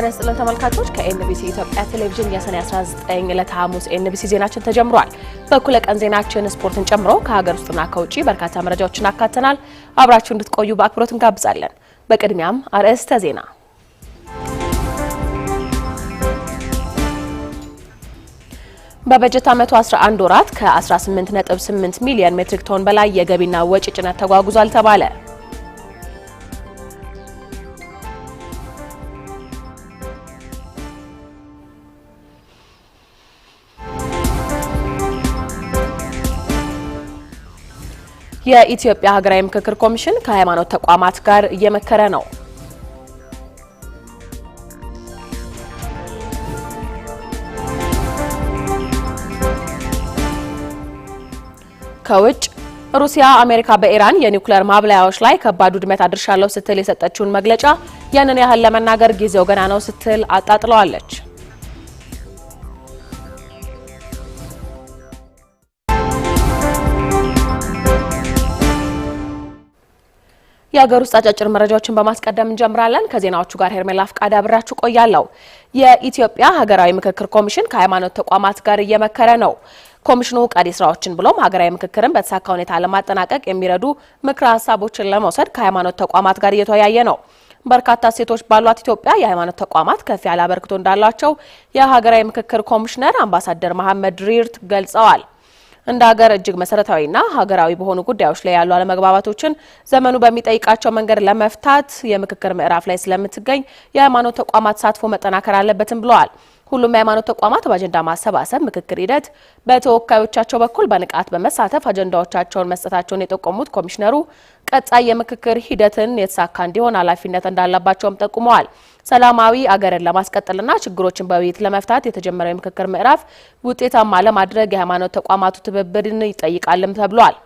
ጤና ይስጥልን ተመልካቾች ከኤንቢሲ ኢትዮጵያ ቴሌቪዥን የሰኔ 19 ዕለተ ሐሙስ ኤንቢሲ ዜናችን ተጀምሯል። በእኩለ ቀን ዜናችን ስፖርትን ጨምሮ ከሀገር ውስጥና ከውጭ በርካታ መረጃዎችን አካተናል። አብራችሁ እንድትቆዩ በአክብሮት እንጋብዛለን። በቅድሚያም አርዕስተ ዜና በበጀት ዓመቱ 11 ወራት ከ18.8 ሚሊዮን ሜትሪክ ቶን በላይ የገቢና ወጪ ጭነት ተጓጉዟል ተባለ። የኢትዮጵያ ሀገራዊ ምክክር ኮሚሽን ከሃይማኖት ተቋማት ጋር እየመከረ ነው። ከውጭ ሩሲያ አሜሪካ በኢራን የኒውክሌር ማብላያዎች ላይ ከባድ ውድመት አድርሻለሁ ስትል የሰጠችውን መግለጫ ያንን ያህል ለመናገር ጊዜው ገና ነው ስትል አጣጥለዋለች። የሀገር ውስጥ አጫጭር መረጃዎችን በማስቀደም እንጀምራለን። ከዜናዎቹ ጋር ሄርሜላ ፍቃድ አብራችሁ ቆያለሁ። የኢትዮጵያ ሀገራዊ ምክክር ኮሚሽን ከሃይማኖት ተቋማት ጋር እየመከረ ነው። ኮሚሽኑ ቀሪ ስራዎችን ብሎም ሀገራዊ ምክክርን በተሳካ ሁኔታ ለማጠናቀቅ የሚረዱ ምክረ ሀሳቦችን ለመውሰድ ከሃይማኖት ተቋማት ጋር እየተወያየ ነው። በርካታ ሴቶች ባሏት ኢትዮጵያ የሃይማኖት ተቋማት ከፍ ያለ አበርክቶ እንዳላቸው የሀገራዊ ምክክር ኮሚሽነር አምባሳደር መሐመድ ሪርት ገልጸዋል። እንደ ሀገር እጅግ መሰረታዊና ሀገራዊ በሆኑ ጉዳዮች ላይ ያሉ አለመግባባቶችን ዘመኑ በሚጠይቃቸው መንገድ ለመፍታት የምክክር ምዕራፍ ላይ ስለምትገኝ የሃይማኖት ተቋማት ተሳትፎ መጠናከር አለበትም ብለዋል። ሁሉም የሃይማኖት ተቋማት በአጀንዳ ማሰባሰብ ምክክር ሂደት በተወካዮቻቸው በኩል በንቃት በመሳተፍ አጀንዳዎቻቸውን መስጠታቸውን የጠቆሙት ኮሚሽነሩ ቀጣይ የምክክር ሂደትን የተሳካ እንዲሆን ኃላፊነት እንዳለባቸውም ጠቁመዋል። ሰላማዊ አገርን ለማስቀጠልና ችግሮችን በውይይት ለመፍታት የተጀመረው የምክክር ምዕራፍ ውጤታማ ለማድረግ የሃይማኖት ተቋማቱ ትብብርን ይጠይቃልም ተብሏል።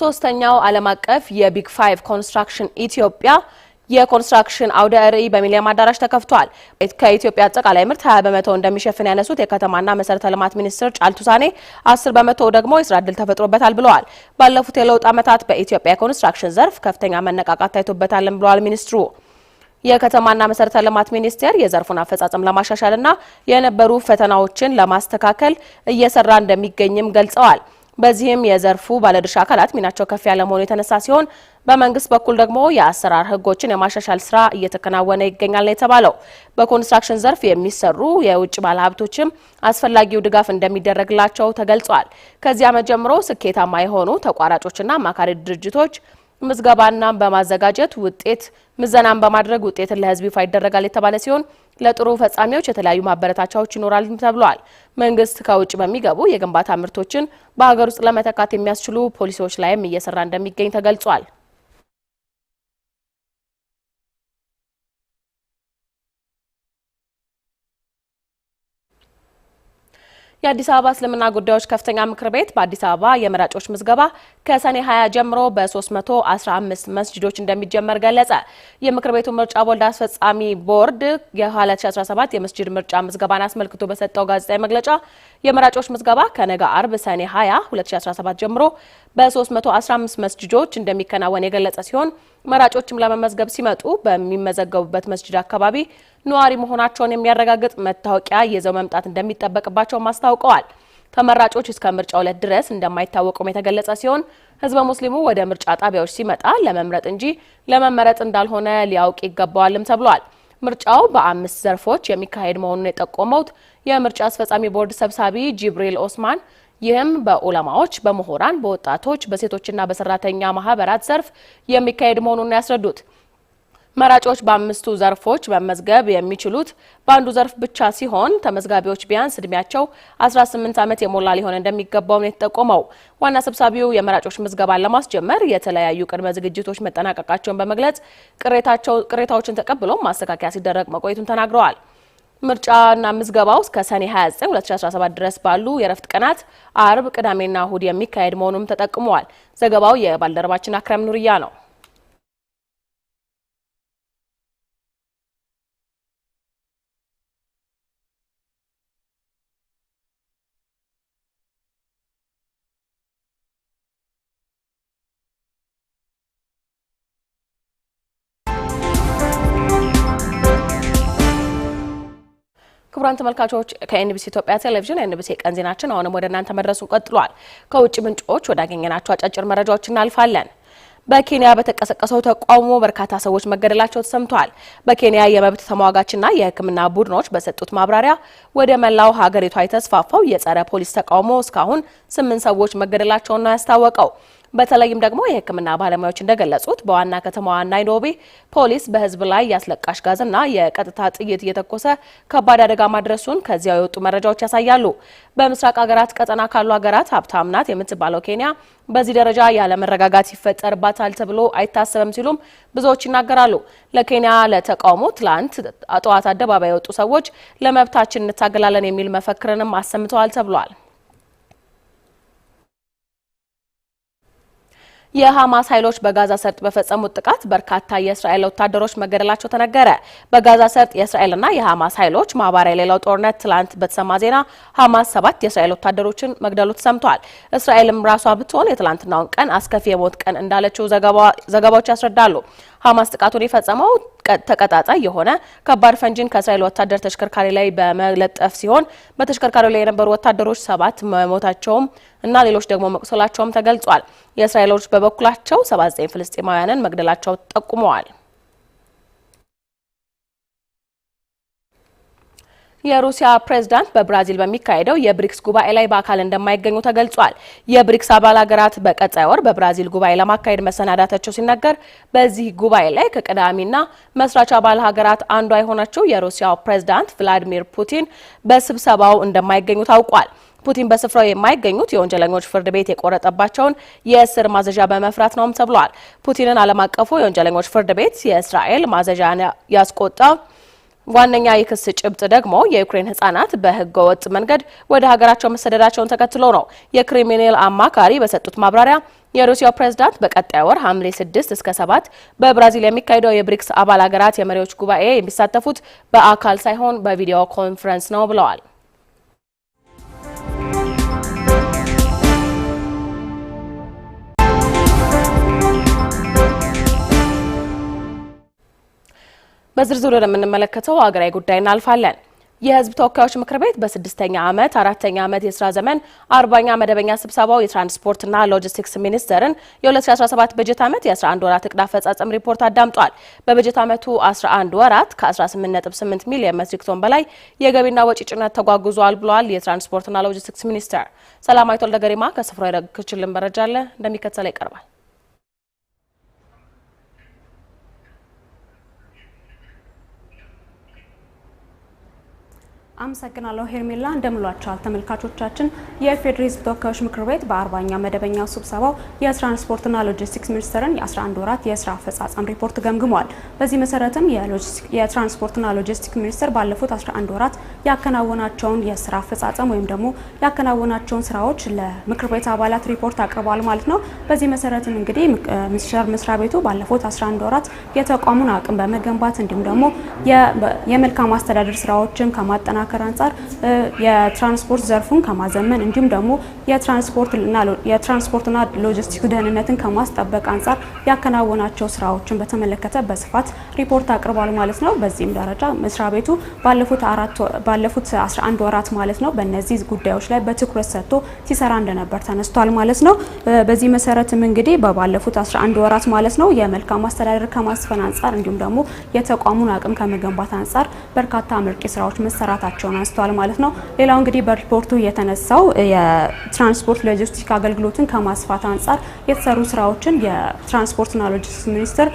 ሶስተኛው ዓለም አቀፍ የቢግ ፋይቭ ኮንስትራክሽን ኢትዮጵያ የኮንስትራክሽን አውደ ርዕይ በሚሊኒየም አዳራሽ ተከፍቷል። ከኢትዮጵያ አጠቃላይ ምርት 20 በመቶ እንደሚሸፍን ያነሱት የከተማና መሰረተ ልማት ሚኒስትር ጫልቱ ሳኔ 10 በመቶ ደግሞ የስራ እድል ተፈጥሮበታል ብለዋል። ባለፉት የለውጥ ዓመታት በኢትዮጵያ የኮንስትራክሽን ዘርፍ ከፍተኛ መነቃቃት ታይቶበታልን ብለዋል ሚኒስትሩ። የከተማና መሰረተ ልማት ሚኒስቴር የዘርፉን አፈጻጸም ለማሻሻልና የነበሩ ፈተናዎችን ለማስተካከል እየሰራ እንደሚገኝም ገልጸዋል። በዚህም የዘርፉ ባለድርሻ አካላት ሚናቸው ከፍ ያለ መሆኑ የተነሳ ሲሆን በመንግስት በኩል ደግሞ የአሰራር ህጎችን የማሻሻል ስራ እየተከናወነ ይገኛል ነው የተባለው። በኮንስትራክሽን ዘርፍ የሚሰሩ የውጭ ባለሀብቶችም አስፈላጊው ድጋፍ እንደሚደረግላቸው ተገልጿል። ከዚህ ዓመት ጀምሮ ስኬታማ የሆኑ ተቋራጮችና አማካሪ ድርጅቶች ምዝገባና በማዘጋጀት ውጤት ምዘናን በማድረግ ውጤትን ለህዝብ ይፋ ይደረጋል የተባለ ሲሆን ለጥሩ ፈጻሚዎች የተለያዩ ማበረታቻዎች ይኖራል ተብሏል። መንግስት ከውጭ በሚገቡ የግንባታ ምርቶችን በሀገር ውስጥ ለመተካት የሚያስችሉ ፖሊሲዎች ላይም እየሰራ እንደሚገኝ ተገልጿል። የአዲስ አበባ እስልምና ጉዳዮች ከፍተኛ ምክር ቤት በአዲስ አበባ የመራጮች ምዝገባ ከሰኔ 20 ጀምሮ በ315 መስጅዶች እንደሚጀመር ገለጸ። የምክር ቤቱ ምርጫ ቦርድ አስፈጻሚ ቦርድ የ2017 የመስጅድ ምርጫ ምዝገባን አስመልክቶ በሰጠው ጋዜጣዊ መግለጫ የመራጮች ምዝገባ ከነገ አርብ ሰኔ 20 2017 ጀምሮ በ315 መስጅዶች እንደሚከናወን የገለጸ ሲሆን መራጮችም ለመመዝገብ ሲመጡ በሚመዘገቡበት መስጅድ አካባቢ ነዋሪ መሆናቸውን የሚያረጋግጥ መታወቂያ ይዘው መምጣት እንደሚጠበቅባቸው አስታውቀዋል። ተመራጮች እስከ ምርጫ ዕለት ድረስ እንደማይታወቁም የተገለጸ ሲሆን ህዝበ ሙስሊሙ ወደ ምርጫ ጣቢያዎች ሲመጣ ለመምረጥ እንጂ ለመመረጥ እንዳልሆነ ሊያውቅ ይገባዋልም ተብሏል። ምርጫው በአምስት ዘርፎች የሚካሄድ መሆኑን የጠቆመውት የምርጫ አስፈጻሚ ቦርድ ሰብሳቢ ጅብሪል ኦስማን ይህም በኡለማዎች፣ በምሁራን፣ በወጣቶች፣ በሴቶችና በሰራተኛ ማህበራት ዘርፍ የሚካሄድ መሆኑን ያስረዱት መራጮች በአምስቱ ዘርፎች መመዝገብ የሚችሉት በአንዱ ዘርፍ ብቻ ሲሆን ተመዝጋቢዎች ቢያንስ እድሜያቸው 18 ዓመት የሞላ ሊሆን እንደሚገባው ነው የተጠቆመው። ዋና ሰብሳቢው የመራጮች ምዝገባን ለማስጀመር የተለያዩ ቅድመ ዝግጅቶች መጠናቀቃቸውን በመግለጽ ቅሬታዎችን ተቀብሎ ማስተካከያ ሲደረግ መቆየቱን ተናግረዋል። ምርጫና ምዝገባው እስከ ሰኔ 29 2017 ድረስ ባሉ የረፍት ቀናት አርብ፣ ቅዳሜና እሁድ የሚካሄድ መሆኑም ተጠቅመዋል። ዘገባው የባልደረባችን አክረም ኑርያ ነው። ክቡራን ተመልካቾች ከኤንቢሲ ኢትዮጵያ ቴሌቪዥን የኤንቢሲ ቀን ዜናችን አሁንም ወደ እናንተ መድረሱን ቀጥሏል። ከውጭ ምንጮች ወዳገኘናቸው አጫጭር መረጃዎች እናልፋለን። በኬንያ በተቀሰቀሰው ተቃውሞ በርካታ ሰዎች መገደላቸው ተሰምቷል። በኬንያ የመብት ተሟጋችና የሕክምና ቡድኖች በሰጡት ማብራሪያ ወደ መላው ሀገሪቷ የተስፋፋው የጸረ ፖሊስ ተቃውሞ እስካሁን ስምንት ሰዎች መገደላቸውን ነው ያስታወቀው። በተለይም ደግሞ የሕክምና ባለሙያዎች እንደገለጹት በዋና ከተማዋ ናይሮቢ ፖሊስ በህዝብ ላይ ያስለቃሽ ጋዝና የቀጥታ ጥይት እየተኮሰ ከባድ አደጋ ማድረሱን ከዚያው የወጡ መረጃዎች ያሳያሉ። በምስራቅ ሀገራት ቀጠና ካሉ ሀገራት ሀብታም ናት የምትባለው ኬንያ በዚህ ደረጃ ያለመረጋጋት ይፈጠርባታል ተብሎ አይታሰብም ሲሉም ብዙዎች ይናገራሉ። ለኬንያ ለተቃውሞ ትላንት ጠዋት አደባባይ የወጡ ሰዎች ለመብታችን እንታገላለን የሚል መፈክርንም አሰምተዋል ተብሏል። የሐማስ ኃይሎች በጋዛ ሰርጥ በፈጸሙት ጥቃት በርካታ የእስራኤል ወታደሮች መገደላቸው ተነገረ። በጋዛ ሰርጥ የእስራኤልና የሐማስ ኃይሎች ማባሪያ የሌለው ጦርነት ትላንት በተሰማ ዜና ሐማስ ሰባት የእስራኤል ወታደሮችን መግደሉ ተሰምቷል። እስራኤልም ራሷ ብትሆን የትላንትናውን ቀን አስከፊ የሞት ቀን እንዳለችው ዘገባዎች ያስረዳሉ። ሐማስ ጥቃቱን የፈጸመው ተቀጣጣይ የሆነ ከባድ ፈንጂን ከእስራኤል ወታደር ተሽከርካሪ ላይ በመለጠፍ ሲሆን በተሽከርካሪው ላይ የነበሩ ወታደሮች ሰባት መሞታቸውም እና ሌሎች ደግሞ መቁሰላቸውም ተገልጿል። የእስራኤሎች በበኩላቸው 79 ፍልስጤማውያንን መግደላቸው ጠቁመዋል። የሩሲያ ፕሬዝዳንት በብራዚል በሚካሄደው የብሪክስ ጉባኤ ላይ በአካል እንደማይገኙ ተገልጿል። የብሪክስ አባል ሀገራት በቀጣይ ወር በብራዚል ጉባኤ ለማካሄድ መሰናዳታቸው ሲነገር፣ በዚህ ጉባኤ ላይ ከቀዳሚና መስራች አባል ሀገራት አንዷ የሆነችው የሩሲያው ፕሬዝዳንት ቭላዲሚር ፑቲን በስብሰባው እንደማይገኙ ታውቋል። ፑቲን በስፍራው የማይገኙት የወንጀለኞች ፍርድ ቤት የቆረጠባቸውን የእስር ማዘዣ በመፍራት ነውም ተብሏል። ፑቲንን ዓለም አቀፉ የወንጀለኞች ፍርድ ቤት የእስራኤል ማዘዣ ያስቆጣ ዋነኛ የክስ ጭብጥ ደግሞ የዩክሬን ህጻናት በህገ ወጥ መንገድ ወደ ሀገራቸው መሰደዳቸውን ተከትሎ ነው። የክሪሚኔል አማካሪ በሰጡት ማብራሪያ የሩሲያው ፕሬዝዳንት በቀጣይ ወር ሐምሌ 6 እስከ 7 በብራዚል የሚካሄደው የብሪክስ አባል ሀገራት የመሪዎች ጉባኤ የሚሳተፉት በአካል ሳይሆን በቪዲዮ ኮንፈረንስ ነው ብለዋል። በዝርዝር ወደምንመለከተው አገራዊ ጉዳይ እናልፋለን። የህዝብ ተወካዮች ምክር ቤት በስድስተኛ ዓመት አራተኛ ዓመት የስራ ዘመን አርባኛ መደበኛ ስብሰባው የትራንስፖርትና ሎጂስቲክስ ሚኒስቴርን የ2017 በጀት ዓመት የ11 ወራት እቅድ አፈጻጸም ሪፖርት አዳምጧል። በበጀት ዓመቱ 11 ወራት ከ18.8 ሚሊዮን ሜትሪክ ቶን በላይ የገቢና ወጪ ጭነት ተጓጉዟል ብሏል የትራንስፖርትና ሎጂስቲክስ ሚኒስቴር። ሰላማዊት ወልደገሪማ ከስፍራው የረክችልን መረጃ አለ እንደሚከተለው ይቀርባል። አመሰግናለሁ ሄርሜላ። እንደምሏቸዋል ተመልካቾቻችን። የኢፌዴሪ ተወካዮች ምክር ቤት በአርባኛ መደበኛ ስብሰባው የትራንስፖርትና ሎጂስቲክስ ሚኒስቴርን የ11 ወራት የስራ አፈጻጸም ሪፖርት ገምግሟል። በዚህ መሰረትም የትራንስፖርትና ሎጂስቲክስ ሚኒስቴር ባለፉት 11 ወራት ያከናወናቸውን የስራ አፈጻጸም ወይም ደግሞ ያከናወናቸውን ስራዎች ለምክር ቤት አባላት ሪፖርት አቅርቧል ማለት ነው። በዚህ መሰረትም እንግዲህ ሚኒስቴር መስሪያ ቤቱ ባለፉት 11 ወራት የተቋሙን አቅም በመገንባት እንዲሁም ደግሞ የመልካም አስተዳደር ስራዎችን ከማጠናከር አንጻር የትራንስፖርት ዘርፉን ከማዘመን እንዲሁም ደግሞ የትራንስፖርትና ሎጂስቲክስ ደህንነትን ከማስጠበቅ አንጻር ያከናወናቸው ስራዎችን በተመለከተ በስፋት ሪፖርት አቅርቧል ማለት ነው። በዚህም ደረጃ መስሪያ ቤቱ ባለፉት 11 ወራት ማለት ነው በእነዚህ ጉዳዮች ላይ በትኩረት ሰጥቶ ሲሰራ እንደነበር ተነስቷል ማለት ነው። በዚህ መሰረትም እንግዲህ በባለፉት 11 ወራት ማለት ነው የመልካም አስተዳደር ከማስ ከማስፈን አንጻር እንዲሁም ደግሞ የተቋሙን አቅም ከመገንባት አንጻር በርካታ ምርቂ ስራዎች መሰራታቸውን አንስተዋል ማለት ነው። ሌላው እንግዲህ በሪፖርቱ የተነሳው የትራንስፖርት ሎጂስቲክ አገልግሎትን ከማስፋት አንጻር የተሰሩ ስራዎችን የትራንስፖርትና ሎጂስቲክስ ሚኒስትር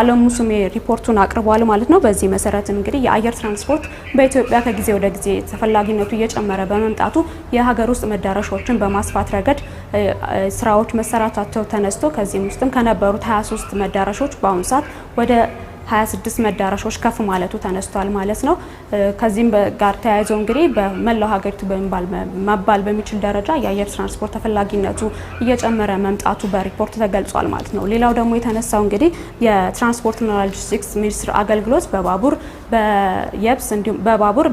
አለሙ ስሜ ሪፖርቱን አቅርቧል ማለት ነው። በዚህ መሰረትም እንግዲህ የአየር ትራንስፖርት በኢትዮጵያ ከጊዜ ወደ ጊዜ ተፈላጊነቱ እየጨመረ በመምጣቱ የሀገር ውስጥ መዳረሻዎችን በማስፋት ረገድ ስራዎች መሰራታቸው ተነስቶ ከዚህም ውስጥም ከነበሩት 23 መዳረሾች በአሁኑ ሰዓት ወደ 26 መዳረሻዎች ከፍ ማለቱ ተነስቷል ማለት ነው። ከዚህም ጋር ተያይዞ እንግዲህ በመላው ሀገሪቱ መባል በሚችል ደረጃ የአየር ትራንስፖርት ተፈላጊነቱ እየጨመረ መምጣቱ በሪፖርት ተገልጿል ማለት ነው። ሌላው ደግሞ የተነሳው እንግዲህ የትራንስፖርትና ሎጂስቲክስ ሚኒስቴር አገልግሎት በባቡር በየብስ እንዲሁም በባቡር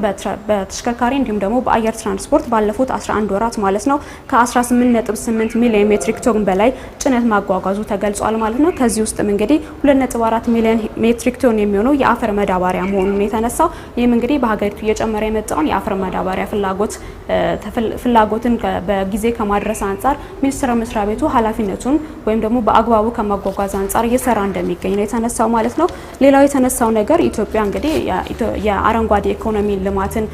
በተሽከርካሪ እንዲሁም ደግሞ በአየር ትራንስፖርት ባለፉት 11 ወራት ማለት ነው ከ18.8 ሚሊዮን ሜትሪክ ቶን በላይ ጭነት ማጓጓዙ ተገልጿል ማለት ነው። ከዚህ ውስጥም እንግዲህ 2.4 ሚሊዮን ሜትሪክ ሜትሪክ ቶን የሚሆነው የአፈር መዳበሪያ መሆኑን የተነሳው ይህም እንግዲህ በሀገሪቱ እየጨመረ የመጣውን የአፈር መዳበሪያ ፍላጎት ፍላጎትን በጊዜ ከማድረስ አንጻር ሚኒስቴር መስሪያ ቤቱ ኃላፊነቱን ወይም ደግሞ በአግባቡ ከማጓጓዝ አንጻር እየሰራ እንደሚገኝ ነው የተነሳው ማለት ነው። ሌላው የተነሳው ነገር ኢትዮጵያ እንግዲህ የአረንጓዴ ኢኮኖሚ ልማትን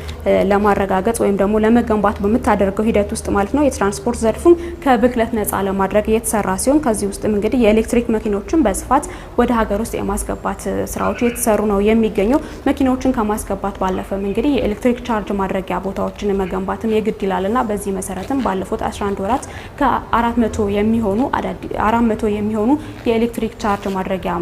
ለማረጋገጥ ወይም ደግሞ ለመገንባት በምታደርገው ሂደት ውስጥ ማለት ነው የትራንስፖርት ዘርፉን ከብክለት ነፃ ለማድረግ እየተሰራ ሲሆን ከዚህ ውስጥም እንግዲህ የኤሌክትሪክ መኪኖችን በስፋት ወደ ሀገር ውስጥ የማስገባት ስራዎች እየተሰሩ ነው የሚገኘው። መኪናዎችን ከማስገባት ባለፈም እንግዲህ የኤሌክትሪክ ቻርጅ ማድረጊያ ቦታዎችን መገንባትም የግድ ይላል እና በዚህ መሰረትም ባለፉት 11 ወራት ከ400 የሚሆኑ 400 የሚሆኑ የኤሌክትሪክ ቻርጅ ማድረጊያ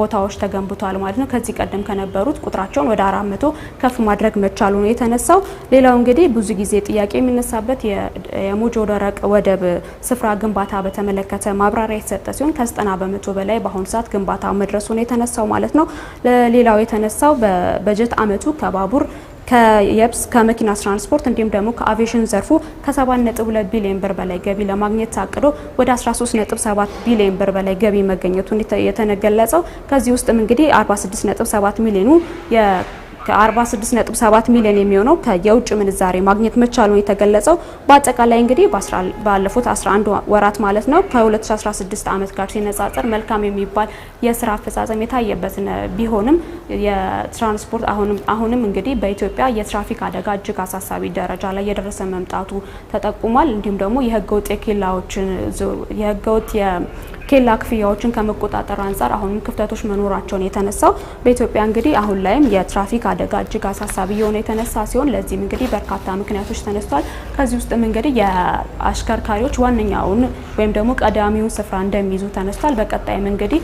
ቦታዎች ተገንብቷል ማለት ነው። ከዚህ ቀደም ከነበሩት ቁጥራቸውን ወደ 400 ከፍ ማድረግ መቻሉ ነው የተነሳው። ሌላው እንግዲህ ብዙ ጊዜ ጥያቄ የሚነሳበት የሞጆ ደረቅ ወደብ ስፍራ ግንባታ በተመለከተ ማብራሪያ የተሰጠ ሲሆን ከ90 በመቶ በላይ በአሁኑ ሰዓት ግንባታ መድረሱ ነው የተነሳው። የተነሳው ማለት ነው። ሌላው የተነሳው በበጀት አመቱ ከባቡር ከየብስ ከመኪና ትራንስፖርት እንዲሁም ደግሞ ከአቪዬሽን ዘርፉ ከ7.2 ቢሊዮን ብር በላይ ገቢ ለማግኘት ታቅዶ ወደ 13.7 ቢሊዮን ብር በላይ ገቢ መገኘቱን የተነገለጸው ከዚህ ውስጥም እንግዲህ 46.7 ሚሊዮኑ ከ46.7 ሚሊዮን የሚሆነው ከየውጭ ምንዛሬ ማግኘት መቻሉን የተገለጸው በአጠቃላይ እንግዲህ ባለፉት 11 ወራት ማለት ነው ከ2016 ዓመት ጋር ሲነጻጸር መልካም የሚባል የስራ አፈጻጸም የታየበት ቢሆንም የትራንስፖርት አሁንም እንግዲህ በኢትዮጵያ የትራፊክ አደጋ እጅግ አሳሳቢ ደረጃ ላይ የደረሰ መምጣቱ ተጠቁሟል። እንዲሁም ደግሞ የህገወጥ የኬላዎችን የህገወጥ ኬላ ክፍያዎችን ከመቆጣጠር አንጻር አሁንም ክፍተቶች መኖራቸውን የተነሳው በኢትዮጵያ እንግዲህ አሁን ላይም የትራፊክ አደጋ እጅግ አሳሳቢ የሆነ የተነሳ ሲሆን ለዚህም እንግዲህ በርካታ ምክንያቶች ተነስቷል። ከዚህ ውስጥም እንግዲህ የአሽከርካሪዎች ዋነኛውን ወይም ደግሞ ቀዳሚውን ስፍራ እንደሚይዙ ተነስቷል። በቀጣይም እንግዲህ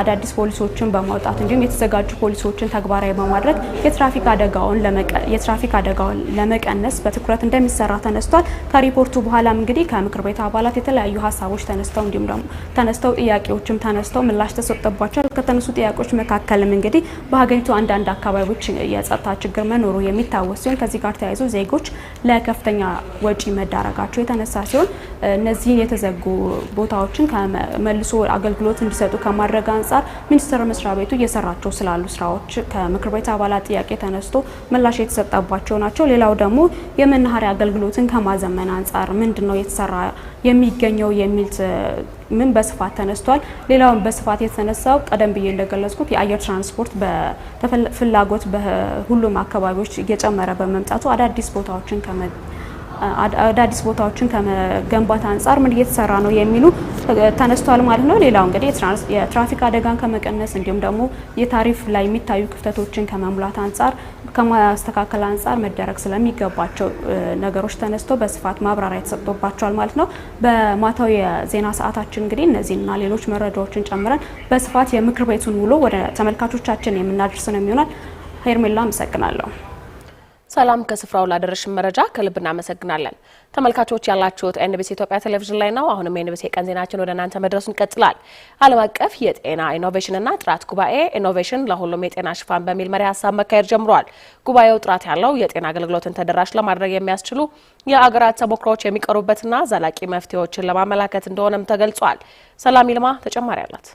አዳዲስ ፖሊሶችን በማውጣት እንዲሁም የተዘጋጁ ፖሊሶችን ተግባራዊ በማድረግ የትራፊክ አደጋውን የትራፊክ አደጋውን ለመቀነስ በትኩረት እንደሚሰራ ተነስቷል። ከሪፖርቱ በኋላም እንግዲህ ከምክር ቤት አባላት የተለያዩ ሀሳቦች ተነስተው እንዲሁም ደግሞ ተነስተው ጥያቄዎችም ተነስተው ምላሽ ተሰጠባቸዋል። ከተነሱ ጥያቄዎች መካከልም እንግዲህ በሀገሪቱ አንዳንድ አካባቢዎች የጸጥታ ችግር መኖሩ የሚታወስ ሲሆን ከዚህ ጋር ተያይዞ ዜጎች ለከፍተኛ ወጪ መዳረጋቸው የተነሳ ሲሆን እነዚህን የተዘጉ ቦታዎችን መልሶ አገልግሎት እንዲሰጡ ከማድረግ አንጻር ሚኒስቴር መስሪያ ቤቱ እየሰራቸው ስላሉ ስራዎች ከምክር ቤት አባላት ጥያቄ ተነስቶ ምላሽ የተሰጠባቸው ናቸው። ሌላው ደግሞ የመናኸሪያ አገልግሎትን ከማዘመን አንጻር ምንድን ነው የተሰራ የሚገኘው የሚል ምን በስፋት ተነስቷል። ሌላውን በስፋት የተነሳው ቀደም ብዬ እንደገለጽኩት የአየር ትራንስፖርት ፍላጎት በሁሉም አካባቢዎች እየጨመረ በመምጣቱ አዳዲስ ቦታዎችን አዳዲስ ቦታዎችን ከመገንባት አንጻር ምን እየተሰራ ነው የሚሉ ተነስቷል ማለት ነው። ሌላው እንግዲህ የትራፊክ አደጋን ከመቀነስ እንዲሁም ደግሞ የታሪፍ ላይ የሚታዩ ክፍተቶችን ከመሙላት አንጻር ከማስተካከል አንጻር መደረግ ስለሚገባቸው ነገሮች ተነስቶ በስፋት ማብራሪያ ተሰጥቶባቸዋል ማለት ነው። በማታው የዜና ሰዓታችን እንግዲህ እነዚህና ሌሎች መረጃዎችን ጨምረን በስፋት የምክር ቤቱን ውሎ ወደ ተመልካቾቻችን የምናደርስ ነው የሚሆናል። ሄርሜላ አመሰግናለሁ። ሰላም ከስፍራው ላደረሽን መረጃ ከልብ እናመሰግናለን። ተመልካቾች ያላችሁት ኤንቢሲ ኢትዮጵያ ቴሌቪዥን ላይ ነው። አሁንም ኤንቢሲ የቀን ዜናችን ወደ እናንተ መድረሱን ይቀጥላል። ዓለም አቀፍ የጤና ኢኖቬሽንና ጥራት ጉባኤ ኢኖቬሽን ለሁሉም የጤና ሽፋን በሚል መሪ ሀሳብ መካሄድ ጀምሯል። ጉባኤው ጥራት ያለው የጤና አገልግሎትን ተደራሽ ለማድረግ የሚያስችሉ የአገራት ተሞክሮዎች የሚቀሩበትና ዘላቂ መፍትሄዎችን ለማመላከት እንደሆነም ተገልጿል። ሰላም ይልማ ተጨማሪ አላት።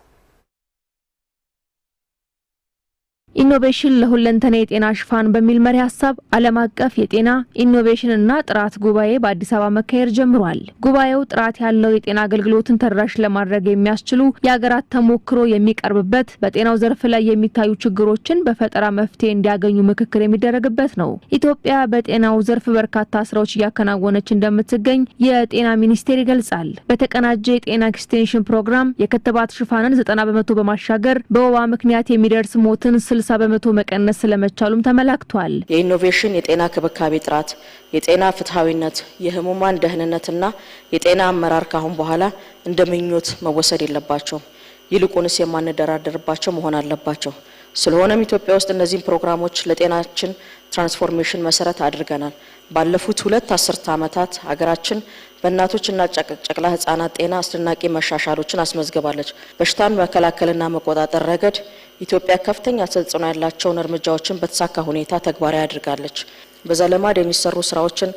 ኢኖቬሽን ለሁለንተና የጤና ሽፋን በሚል መሪ ሀሳብ ዓለም አቀፍ የጤና ኢኖቬሽንና ጥራት ጉባኤ በአዲስ አበባ መካሄድ ጀምሯል። ጉባኤው ጥራት ያለው የጤና አገልግሎትን ተደራሽ ለማድረግ የሚያስችሉ የሀገራት ተሞክሮ የሚቀርብበት፣ በጤናው ዘርፍ ላይ የሚታዩ ችግሮችን በፈጠራ መፍትሄ እንዲያገኙ ምክክር የሚደረግበት ነው። ኢትዮጵያ በጤናው ዘርፍ በርካታ ስራዎች እያከናወነች እንደምትገኝ የጤና ሚኒስቴር ይገልጻል። በተቀናጀ የጤና ኤክስቴንሽን ፕሮግራም የክትባት ሽፋንን ዘጠና በመቶ በማሻገር በወባ ምክንያት የሚደርስ ሞትን 60 በመቶ መቀነስ ስለመቻሉም ተመላክቷል። የኢኖቬሽን የጤና ክብካቤ ጥራት፣ የጤና ፍትሐዊነት፣ የህሙማን ደህንነትና የጤና አመራር ካሁን በኋላ እንደ ምኞት መወሰድ የለባቸውም። ይልቁንስ የማንደራደርባቸው መሆን አለባቸው። ስለሆነም ኢትዮጵያ ውስጥ እነዚህን ፕሮግራሞች ለጤናችን ትራንስፎርሜሽን መሰረት አድርገናል። ባለፉት ሁለት አስርተ ዓመታት ሀገራችን በእናቶችና ጨቅላ ህጻናት ጤና አስደናቂ መሻሻሎችን አስመዝግባለች። በሽታን መከላከልና መቆጣጠር ረገድ ኢትዮጵያ ከፍተኛ ተጽዕኖ ያላቸውን እርምጃዎችን በተሳካ ሁኔታ ተግባራዊ አድርጋለች። በዘለማድ የሚሰሩ ስራዎችን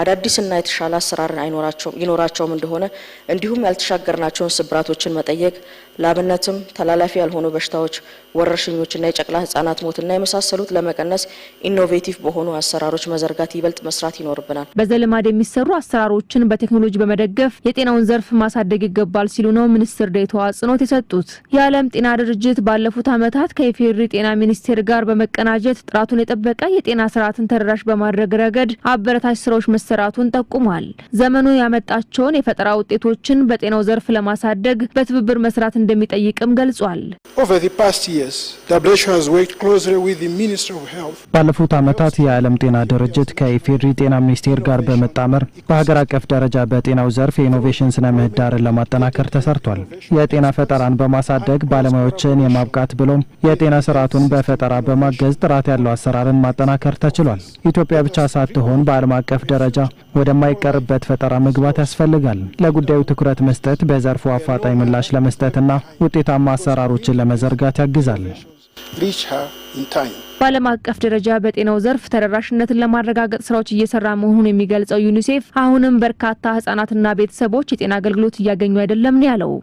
አዳዲስና የተሻለ አሰራር ይኖራቸውም እንደሆነ እንዲሁም ያልተሻገርናቸውን ስብራቶችን መጠየቅ ላብነትም ተላላፊ ያልሆኑ በሽታዎች፣ ወረርሽኞችና የጨቅላ ህጻናት ሞትና የመሳሰሉት ለመቀነስ ኢኖቬቲቭ በሆኑ አሰራሮች መዘርጋት ይበልጥ መስራት ይኖርብናል። በዘልማድ የሚሰሩ አሰራሮችን በቴክኖሎጂ በመደገፍ የጤናውን ዘርፍ ማሳደግ ይገባል ሲሉ ነው ሚኒስትር ዴኤታዋ አጽንኦት የሰጡት። የዓለም ጤና ድርጅት ባለፉት ዓመታት ከኢፌዴሪ ጤና ሚኒስቴር ጋር በመቀናጀት ጥራቱን የጠበቀ የጤና ስርዓትን ተደራሽ በማድረግ ረገድ አበረታች ስራዎች መሰራቱን ጠቁሟል። ዘመኑ ያመጣቸውን የፈጠራ ውጤቶችን በጤናው ዘርፍ ለማሳደግ በትብብር መስራት እንደሚጠይቅም ገልጿል። ባለፉት ዓመታት የዓለም ጤና ድርጅት ከኢፌድሪ ጤና ሚኒስቴር ጋር በመጣመር በሀገር አቀፍ ደረጃ በጤናው ዘርፍ የኢኖቬሽን ስነ ምህዳርን ለማጠናከር ተሰርቷል። የጤና ፈጠራን በማሳደግ ባለሙያዎችን የማብቃት ብሎም የጤና ስርዓቱን በፈጠራ በማገዝ ጥራት ያለው አሰራርን ማጠናከር ተችሏል። ኢትዮጵያ ብቻ ሳትሆን በዓለም አቀፍ ደረጃ ደረጃ ወደማይቀርበት ፈጠራ መግባት ያስፈልጋል። ለጉዳዩ ትኩረት መስጠት በዘርፉ አፋጣኝ ምላሽ ለመስጠትና ውጤታማ አሰራሮችን ለመዘርጋት ያግዛል። በዓለም አቀፍ ደረጃ በጤናው ዘርፍ ተደራሽነትን ለማረጋገጥ ስራዎች እየሰራ መሆኑን የሚገልጸው ዩኒሴፍ አሁንም በርካታ ህጻናትና ቤተሰቦች የጤና አገልግሎት እያገኙ አይደለም ነው ያለው።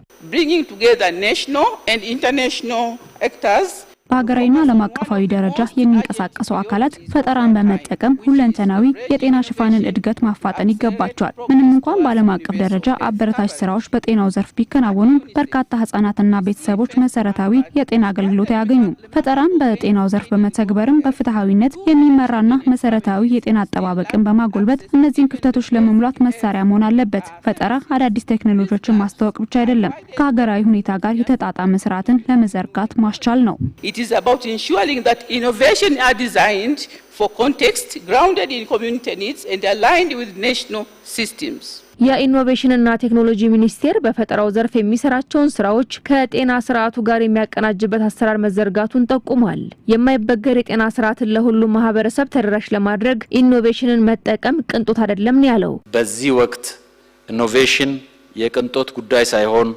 በሀገራዊና ዓለም አቀፋዊ ደረጃ የሚንቀሳቀሱ አካላት ፈጠራን በመጠቀም ሁለንተናዊ የጤና ሽፋንን እድገት ማፋጠን ይገባቸዋል። ምንም እንኳን በዓለም አቀፍ ደረጃ አበረታች ስራዎች በጤናው ዘርፍ ቢከናወኑም በርካታ ህጻናትና ቤተሰቦች መሰረታዊ የጤና አገልግሎት አያገኙም። ፈጠራን በጤናው ዘርፍ በመተግበርም በፍትሐዊነት የሚመራና መሰረታዊ የጤና አጠባበቅን በማጎልበት እነዚህን ክፍተቶች ለመሙላት መሳሪያ መሆን አለበት። ፈጠራ አዳዲስ ቴክኖሎጂዎችን ማስተዋወቅ ብቻ አይደለም፣ ከሀገራዊ ሁኔታ ጋር የተጣጣመ ስርዓትን ለመዘርጋት ማስቻል ነው። is about ensuring that innovation are designed for context, grounded in community needs and aligned with national systems. የኢኖቬሽንና ቴክኖሎጂ ሚኒስቴር በፈጠራው ዘርፍ የሚሰራቸውን ስራዎች ከጤና ስርዓቱ ጋር የሚያቀናጅበት አሰራር መዘርጋቱን ጠቁሟል። የማይበገር የጤና ስርዓትን ለሁሉም ማህበረሰብ ተደራሽ ለማድረግ ኢኖቬሽንን መጠቀም ቅንጦት አይደለም ያለው። በዚህ ወቅት ኢኖቬሽን የቅንጦት ጉዳይ ሳይሆን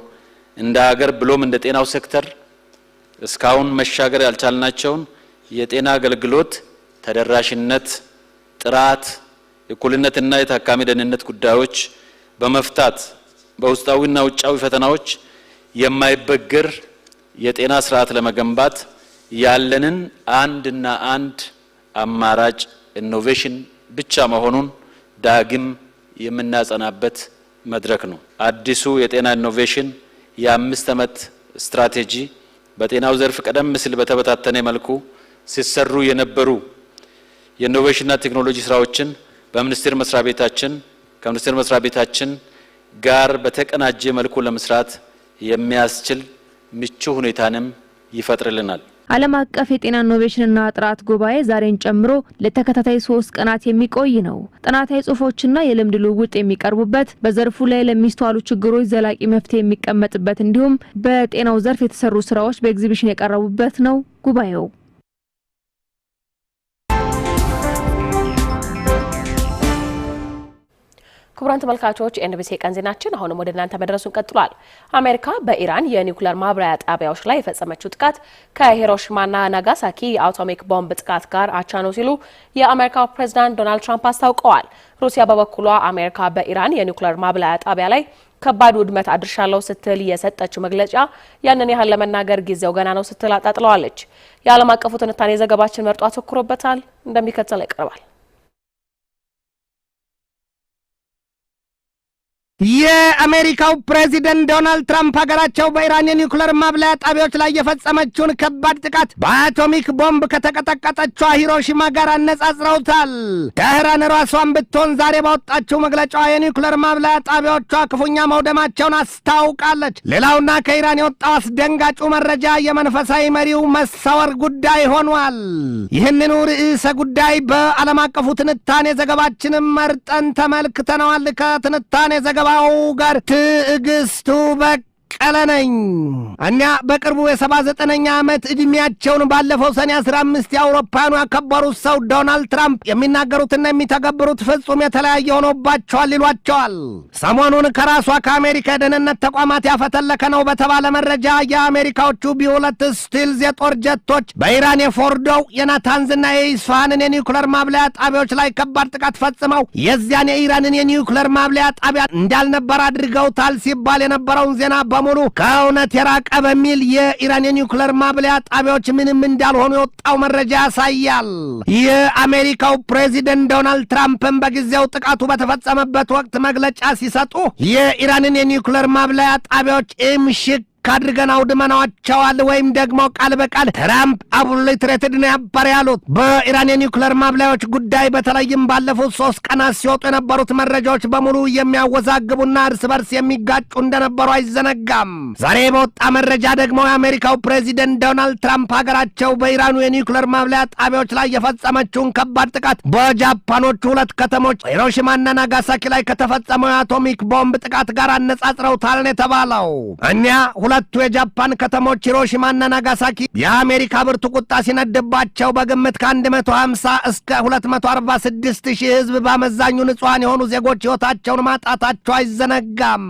እንደ ሀገር ብሎም እንደ ጤናው ሴክተር እስካሁን መሻገር ያልቻልናቸውን የጤና አገልግሎት ተደራሽነት፣ ጥራት፣ እኩልነትና የታካሚ ደህንነት ጉዳዮች በመፍታት በውስጣዊና ውጫዊ ፈተናዎች የማይበግር የጤና ስርዓት ለመገንባት ያለንን አንድና አንድ አማራጭ ኢኖቬሽን ብቻ መሆኑን ዳግም የምናጸናበት መድረክ ነው። አዲሱ የጤና ኢኖቬሽን የአምስት ዓመት ስትራቴጂ በጤናው ዘርፍ ቀደም ሲል በተበታተነ መልኩ ሲሰሩ የነበሩ የኢኖቬሽንና ቴክኖሎጂ ስራዎችን በሚኒስቴር መስሪያ ቤታችን ከሚኒስቴር መስሪያ ቤታችን ጋር በተቀናጀ መልኩ ለመስራት የሚያስችል ምቹ ሁኔታንም ይፈጥርልናል። ዓለም አቀፍ የጤና ኢኖቬሽንና ጥራት ጉባኤ ዛሬን ጨምሮ ለተከታታይ ሶስት ቀናት የሚቆይ ነው። ጥናታዊ ጽሁፎችና የልምድ ልውውጥ የሚቀርቡበት፣ በዘርፉ ላይ ለሚስተዋሉ ችግሮች ዘላቂ መፍትሄ የሚቀመጥበት እንዲሁም በጤናው ዘርፍ የተሰሩ ስራዎች በኤግዚቢሽን የቀረቡበት ነው ጉባኤው። ክቡራን ተመልካቾች ኤንቢሲ ቀን ዜናችን አሁንም ወደ እናንተ መድረሱን ቀጥሏል። አሜሪካ በኢራን የኒውክሌር ማብራሪያ ጣቢያዎች ላይ የፈጸመችው ጥቃት ከሂሮሽማና ናጋሳኪ የአቶሚክ ቦምብ ጥቃት ጋር አቻ ነው ሲሉ የአሜሪካው ፕሬዚዳንት ዶናልድ ትራምፕ አስታውቀዋል። ሩሲያ በበኩሏ አሜሪካ በኢራን የኒውክሌር ማብላያ ጣቢያ ላይ ከባድ ውድመት አድርሻለሁ ስትል የሰጠችው መግለጫ ያንን ያህል ለመናገር ጊዜው ገና ነው ስትል አጣጥለዋለች። የዓለም አቀፉ ትንታኔ ዘገባችን መርጦ አተኩሮበታል፣ እንደሚከተለው ይቀርባል። የአሜሪካው ፕሬዚደንት ዶናልድ ትራምፕ ሀገራቸው በኢራን የኒውክለር ማብላያ ጣቢያዎች ላይ የፈጸመችውን ከባድ ጥቃት በአቶሚክ ቦምብ ከተቀጠቀጠችዋ ሂሮሺማ ጋር አነጻጽረውታል። ቴህራን ራሷን ብትሆን ዛሬ ባወጣችው መግለጫዋ የኒውክለር ማብላያ ጣቢያዎቿ ክፉኛ መውደማቸውን አስታውቃለች። ሌላውና ከኢራን የወጣው አስደንጋጩ መረጃ የመንፈሳዊ መሪው መሰወር ጉዳይ ሆኗል። ይህንኑ ርዕሰ ጉዳይ በዓለም አቀፉ ትንታኔ ዘገባችንም መርጠን ተመልክተነዋል። ከትንታኔ ዘገባ ከስብሰባው ጋር ትዕግስቱ በቃ በቀለ ነኝ። እኒያ በቅርቡ የሰባ ዘጠነኛ ዓመት ዕድሜያቸውን ባለፈው ሰኔ አስራ አምስት የአውሮፓውያኑ ያከበሩት ሰው ዶናልድ ትራምፕ የሚናገሩትና የሚተገብሩት ፍጹም የተለያየ ሆኖባቸዋል ይሏቸዋል። ሰሞኑን ከራሷ ከአሜሪካ የደህንነት ተቋማት ያፈተለከ ነው በተባለ መረጃ የአሜሪካዎቹ ቢሁለት ስቲልዝ የጦር ጀቶች በኢራን የፎርዶው የናታንዝና የኢስፋሃንን የኒውክለር ማብለያ ጣቢያዎች ላይ ከባድ ጥቃት ፈጽመው የዚያን የኢራንን የኒውክለር ማብለያ ጣቢያ እንዳልነበር አድርገውታል ሲባል የነበረውን ዜና በ በሙሉ ከእውነት የራቀ በሚል የኢራን የኒውክለር ማብለያ ጣቢያዎች ምንም እንዳልሆኑ የወጣው መረጃ ያሳያል። የአሜሪካው ፕሬዚደንት ዶናልድ ትራምፕን በጊዜው ጥቃቱ በተፈጸመበት ወቅት መግለጫ ሲሰጡ የኢራንን የኒውክለር ማብለያ ጣቢያዎች እምሽግ አድርገን አውድመናቸዋል ወይም ደግሞ ቃል በቃል ትራምፕ አቡሊትሬትድ ነው ነበር ያሉት። በኢራን የኒውክለር ማብላዮች ጉዳይ በተለይም ባለፉት ሶስት ቀናት ሲወጡ የነበሩት መረጃዎች በሙሉ የሚያወዛግቡና እርስ በርስ የሚጋጩ እንደነበሩ አይዘነጋም። ዛሬ በወጣ መረጃ ደግሞ የአሜሪካው ፕሬዚደንት ዶናልድ ትራምፕ ሀገራቸው በኢራኑ የኒውክለር ማብላያ ጣቢያዎች ላይ የፈጸመችውን ከባድ ጥቃት በጃፓኖቹ ሁለት ከተሞች ሂሮሺማና ናጋሳኪ ላይ ከተፈጸመው የአቶሚክ ቦምብ ጥቃት ጋር አነጻጽረውታል የተባለው እኒያ ሁለቱ የጃፓን ከተሞች ሂሮሽማና ናጋሳኪ የአሜሪካ ብርቱ ቁጣ ሲነድባቸው በግምት ከ150 እስከ 246 ሺህ ህዝብ በአመዛኙ ንጹሐን የሆኑ ዜጎች ሕይወታቸውን ማጣታቸው አይዘነጋም።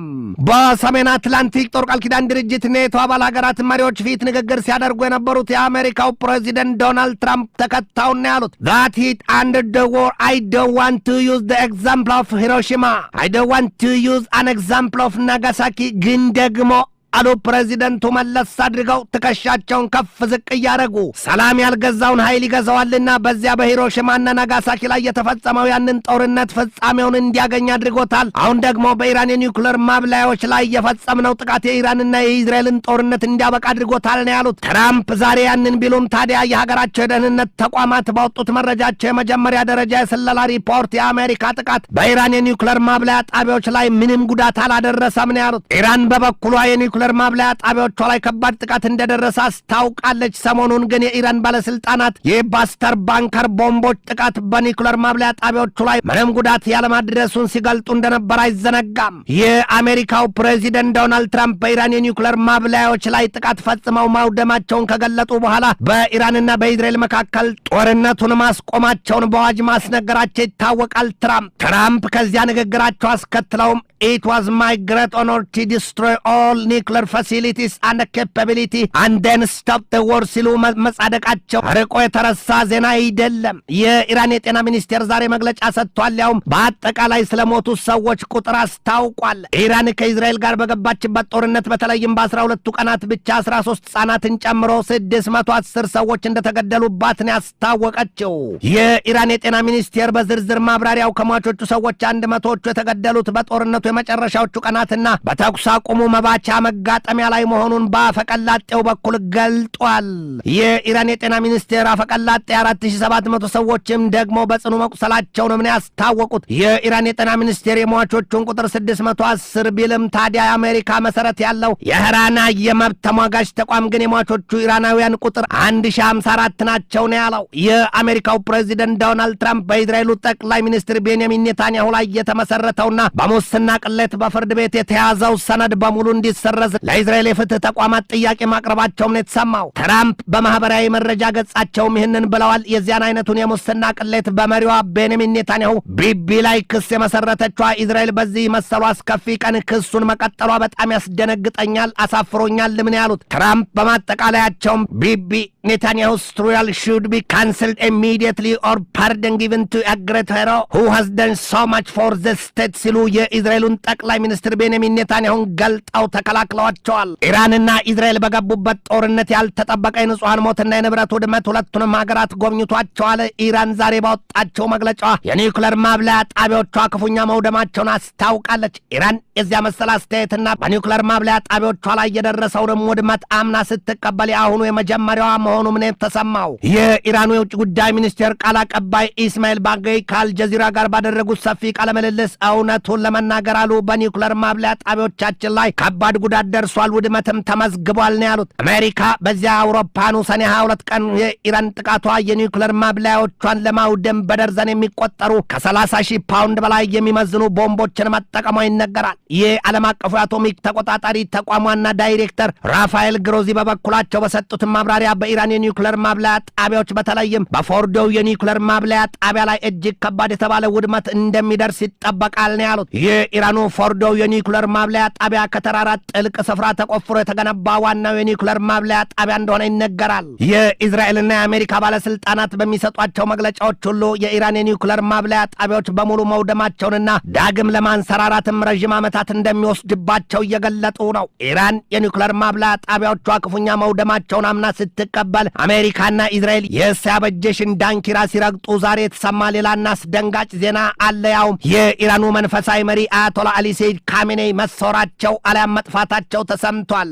በሰሜን አትላንቲክ ጦር ቃል ኪዳን ድርጅት ኔቶ አባል ሀገራት መሪዎች ፊት ንግግር ሲያደርጉ የነበሩት የአሜሪካው ፕሬዚደንት ዶናልድ ትራምፕ ተከታዩን ያሉት ዛት ሂት አንድ ደ ዎር አይ ዶ ዋንት ቱ ዩዝ ደ ኤግዛምፕል ኦፍ ሂሮሽማ አይ ዶ ዋንት ቱ ዩዝ አን ኤግዛምፕል ኦፍ ናጋሳኪ ግን ደግሞ አሉ ፕሬዚደንቱ መለስ አድርገው ትከሻቸውን ከፍ ዝቅ እያደረጉ። ሰላም ያልገዛውን ኃይል ይገዛዋልና በዚያ በሂሮሽማና ናጋሳኪ ላይ የተፈጸመው ያንን ጦርነት ፍጻሜውን እንዲያገኝ አድርጎታል። አሁን ደግሞ በኢራን የኒውክለር ማብላያዎች ላይ የፈጸምነው ጥቃት የኢራንና የኢዝራኤልን ጦርነት እንዲያበቃ አድርጎታል ነው ያሉት። ትራምፕ ዛሬ ያንን ቢሉም ታዲያ የሀገራቸው የደህንነት ተቋማት ባወጡት መረጃቸው የመጀመሪያ ደረጃ የስለላ ሪፖርት የአሜሪካ ጥቃት በኢራን የኒውክለር ማብላያ ጣቢያዎች ላይ ምንም ጉዳት አላደረሰም ነው ያሉት። ኢራን በበኩሏ የኒውክለር በኒውክለር ማብለያ ጣቢያዎቿ ላይ ከባድ ጥቃት እንደደረሰ አስታውቃለች። ሰሞኑን ግን የኢራን ባለስልጣናት የባስተር ባንከር ቦምቦች ጥቃት በኒውክለር ማብለያ ጣቢያዎቹ ላይ ምንም ጉዳት ያለማድረሱን ሲገልጡ እንደነበር አይዘነጋም። የአሜሪካው ፕሬዚደንት ዶናልድ ትራምፕ በኢራን የኒውክለር ማብለያዎች ላይ ጥቃት ፈጽመው ማውደማቸውን ከገለጡ በኋላ በኢራንና በኢዝራኤል መካከል ጦርነቱን ማስቆማቸውን በዋጅ ማስነገራቸው ይታወቃል። ትራምፕ ትራምፕ ከዚያ ንግግራቸው አስከትለውም it was my great honor to destroy all nuclear facilities and capability and then stop the war ሲሉ መጻደቃቸው ርቆ የተረሳ ዜና አይደለም። የኢራን የጤና ሚኒስቴር ዛሬ መግለጫ ሰጥቷል። ያውም በአጠቃላይ ስለሞቱ ሰዎች ቁጥር አስታውቋል። ኢራን ከእስራኤል ጋር በገባችበት ጦርነት በተለይም በአስራ ሁለቱ ቀናት ብቻ 13 ህጻናትን ጨምሮ 610 ሰዎች እንደተገደሉባት ነው ያስታወቀችው። የኢራን የጤና ሚኒስቴር በዝርዝር ማብራሪያው ከሟቾቹ ሰዎች አንድ መቶዎቹ የተገደሉት በጦርነቱ የመጨረሻዎቹ ቀናትና በተኩስ አቁሙ መባቻ መጋጠሚያ ላይ መሆኑን በአፈቀላጤው በኩል ገልጧል። የኢራን የጤና ሚኒስቴር አፈቀላጤ 4700 ሰዎችም ደግሞ በጽኑ መቁሰላቸው ነው ያስታወቁት። የኢራን የጤና ሚኒስቴር የሟቾቹን ቁጥር 610 ቢልም ታዲያ የአሜሪካ መሰረት ያለው የህራና የመብት ተሟጋች ተቋም ግን የሟቾቹ ኢራናውያን ቁጥር 1054 ናቸው ነው ያለው። የአሜሪካው ፕሬዚደንት ዶናልድ ትራምፕ በእስራኤሉ ጠቅላይ ሚኒስትር ቤንያሚን ኔታንያሁ ላይ የተመሰረተውና በሙስና ቅሌት በፍርድ ቤት የተያዘው ሰነድ በሙሉ እንዲሰረዝ ለእስራኤል የፍትህ ተቋማት ጥያቄ ማቅረባቸውም ነው የተሰማው። ትራምፕ በማህበራዊ መረጃ ገጻቸውም ይህንን ብለዋል። የዚያን አይነቱን የሙስና ቅሌት በመሪዋ ቤንያሚን ኔታንያሁ ቢቢ ላይ ክስ የመሰረተችዋ እስራኤል በዚህ መሰሉ አስከፊ ቀን ክሱን መቀጠሏ በጣም ያስደነግጠኛል፣ አሳፍሮኛል ምን ያሉት ትራምፕ በማጠቃለያቸውም ቢቢ Netanyahu's trial should be cancelled immediately or pardon given to a great hero who has done so much for the state ሲሉ የኢዝራኤሉን ጠቅላይ ሚኒስትር ቤንያሚን ኔታንያሁን ገልጠው ተከላክለዋቸዋል። ኢራንና ኢዝራኤል በገቡበት ጦርነት ያልተጠበቀ የንጹሐን ሞትና የንብረት ውድመት ሁለቱንም ሀገራት ጎብኝቷቸዋል። ኢራን ዛሬ ባወጣቸው መግለጫ የኒውክለር ማብላያ ጣቢያዎቿ ክፉኛ መውደማቸውን አስታውቃለች። ኢራን የዚያ መሰል አስተያየትና በኒውክለር ማብላያ ጣቢያዎቿ ላይ የደረሰውንም ውድመት አምና ስትቀበል የአሁኑ የመጀመሪያዋ መሆኑ ምንም ተሰማው። የኢራኑ የውጭ ጉዳይ ሚኒስቴር ቃል አቀባይ ኢስማኤል ባገይ ከአልጀዚራ ጋር ባደረጉት ሰፊ ቃለምልልስ እውነቱን ለመናገር አሉ በኒውክለር ማብለያ ጣቢያዎቻችን ላይ ከባድ ጉዳት ደርሷል፣ ውድመትም ተመዝግቧል ነው ያሉት። አሜሪካ በዚያ አውሮፓኑ ሰኔ 22 ቀን የኢራን ጥቃቷ የኒውክለር ማብለያዎቿን ለማውደም በደርዘን የሚቆጠሩ ከ30 ሺህ ፓውንድ በላይ የሚመዝኑ ቦምቦችን መጠቀሟ ይነገራል። የዓለም አቀፉ የአቶሚክ ተቆጣጣሪ ተቋም ዋና ዳይሬክተር ራፋኤል ግሮዚ በበኩላቸው በሰጡት ማብራሪያ በኢራን በኢራን የኒውክለር ማብላያ ጣቢያዎች በተለይም በፎርዶው የኒውክለር ማብላያ ጣቢያ ላይ እጅግ ከባድ የተባለ ውድመት እንደሚደርስ ይጠበቃል ነው ያሉት። የኢራኑ ፎርዶው የኒውክለር ማብላያ ጣቢያ ከተራራ ጥልቅ ስፍራ ተቆፍሮ የተገነባ ዋናው የኒውክለር ማብላያ ጣቢያ እንደሆነ ይነገራል። የእስራኤልና የአሜሪካ ባለስልጣናት በሚሰጧቸው መግለጫዎች ሁሉ የኢራን የኒውክለር ማብላያ ጣቢያዎች በሙሉ መውደማቸውንና ዳግም ለማንሰራራትም ረዥም ዓመታት እንደሚወስድባቸው እየገለጡ ነው። ኢራን የኒውክለር ማብላያ ጣቢያዎቿ ክፉኛ መውደማቸውን አምና ስትቀበል ሲባል አሜሪካና ኢዝራኤል የሳበጀሽን ዳንኪራ ሲረግጡ ዛሬ የተሰማ ሌላና አስደንጋጭ ዜና አለ። ያውም የኢራኑ መንፈሳዊ መሪ አያቶላ አሊ ሰይድ ካሜኔይ መሰወራቸው አሊያም መጥፋታቸው ተሰምቷል።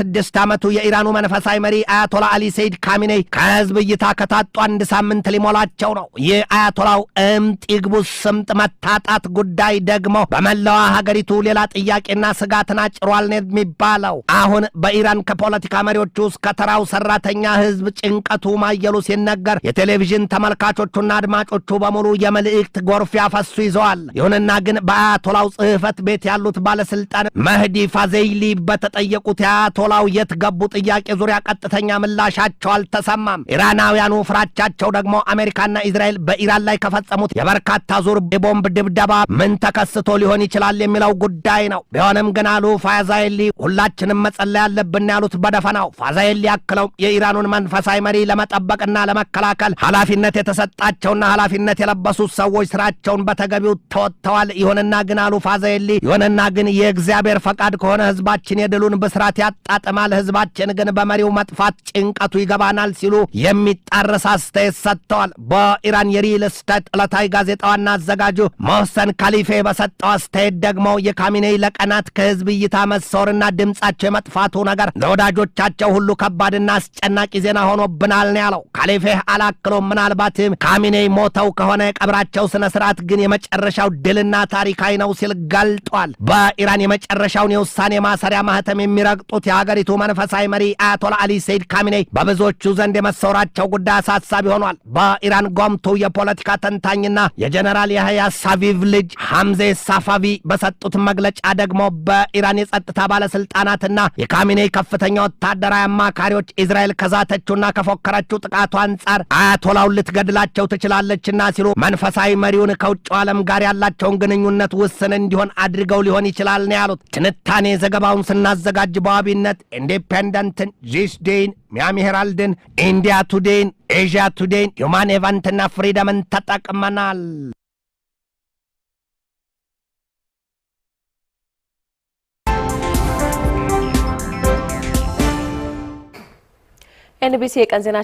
ስድስት ዓመቱ የኢራኑ መንፈሳዊ መሪ አያቶላ አሊ ሰይድ ካሜኔይ ከህዝብ እይታ ከታጡ አንድ ሳምንት ሊሞላቸው ነው። የአያቶላው እምጥ ይግቡ ስምጥ መታጣት ጉዳይ ደግሞ በመላዋ ሀገሪቱ ሌላ ጥያቄና ስጋትን አጭሯል ነው የሚባለው። አሁን በኢራን ከፖለቲካ መሪዎች ውስጥ ከተራው ሰራ የሰራተኛ ህዝብ ጭንቀቱ ማየሉ ሲነገር የቴሌቪዥን ተመልካቾቹና አድማጮቹ በሙሉ የመልእክት ጎርፍ ያፈሱ ይዘዋል። ይሁንና ግን በአያቶላው ጽህፈት ቤት ያሉት ባለስልጣን መህዲ ፋዘይሊ በተጠየቁት የአያቶላው የት ገቡ ጥያቄ ዙሪያ ቀጥተኛ ምላሻቸው አልተሰማም። ኢራናውያኑ ፍራቻቸው ደግሞ አሜሪካና ኢዝራኤል በኢራን ላይ ከፈጸሙት የበርካታ ዙር የቦምብ ድብደባ ምን ተከስቶ ሊሆን ይችላል የሚለው ጉዳይ ነው። ቢሆንም ግን አሉ ፋዛይሊ ሁላችንም መጸለይ ያለብን ያሉት በደፈናው ፋዛይሊ ያክለው የኢራኑን መንፈሳዊ መሪ ለመጠበቅና ለመከላከል ኃላፊነት የተሰጣቸውና ኃላፊነት የለበሱት ሰዎች ስራቸውን በተገቢው ተወጥተዋል። ይሁንና ግን አሉ ፋዘየሊ፣ ይሁንና ግን የእግዚአብሔር ፈቃድ ከሆነ ህዝባችን የድሉን ብስራት ያጣጥማል። ህዝባችን ግን በመሪው መጥፋት ጭንቀቱ ይገባናል ሲሉ የሚጣረስ አስተያየት ሰጥተዋል። በኢራን የሪል ስቴት ዕለታዊ ጋዜጣ ዋና አዘጋጁ መሰን ካሊፌ በሰጠው አስተያየት ደግሞ የካሚኔይ ለቀናት ከህዝብ እይታ መሰወርና ድምጻቸው የመጥፋቱ ነገር ለወዳጆቻቸው ሁሉ ከባድና አስጨናቂ ዜና ሆኖብናል ነው ያለው። ካሊፌህ አላክሎ ምናልባትም ካሚኔይ ሞተው ከሆነ የቀብራቸው ስነ ስርዓት ግን የመጨረሻው ድልና ታሪካዊ ነው ሲል ገልጧል። በኢራን የመጨረሻውን የውሳኔ ማሰሪያ ማህተም የሚረግጡት የሀገሪቱ መንፈሳዊ መሪ አያቶላ አሊ ሰይድ ካሚኔይ በብዙዎቹ ዘንድ የመሰውራቸው ጉዳይ አሳሳቢ ሆኗል። በኢራን ጎምቱ የፖለቲካ ተንታኝና የጀነራል የህያ ሳቪቭ ልጅ ሐምዜ ሳፋቪ በሰጡት መግለጫ ደግሞ በኢራን የጸጥታ ባለስልጣናትና የካሚኔይ ከፍተኛ ወታደራዊ አማካሪዎች ኢዝራኤል እስራኤል ከዛተችውና ከፎከረችው ጥቃቱ አንጻር አያቶላውን ልትገድላቸው ትችላለችና ሲሉ መንፈሳዊ መሪውን ከውጭው ዓለም ጋር ያላቸውን ግንኙነት ውስን እንዲሆን አድርገው ሊሆን ይችላል ነው ያሉት። ትንታኔ ዘገባውን ስናዘጋጅ በዋቢነት ኢንዲፔንደንትን፣ ዚስ ዴይን፣ ሚያሚ ሄራልድን፣ ኢንዲያ ቱዴይን፣ ኤዥያ ቱዴይን፣ ዩማን ኤቫንትና ፍሪደምን ተጠቅመናል። ኤንቢሲ የቀን ዜና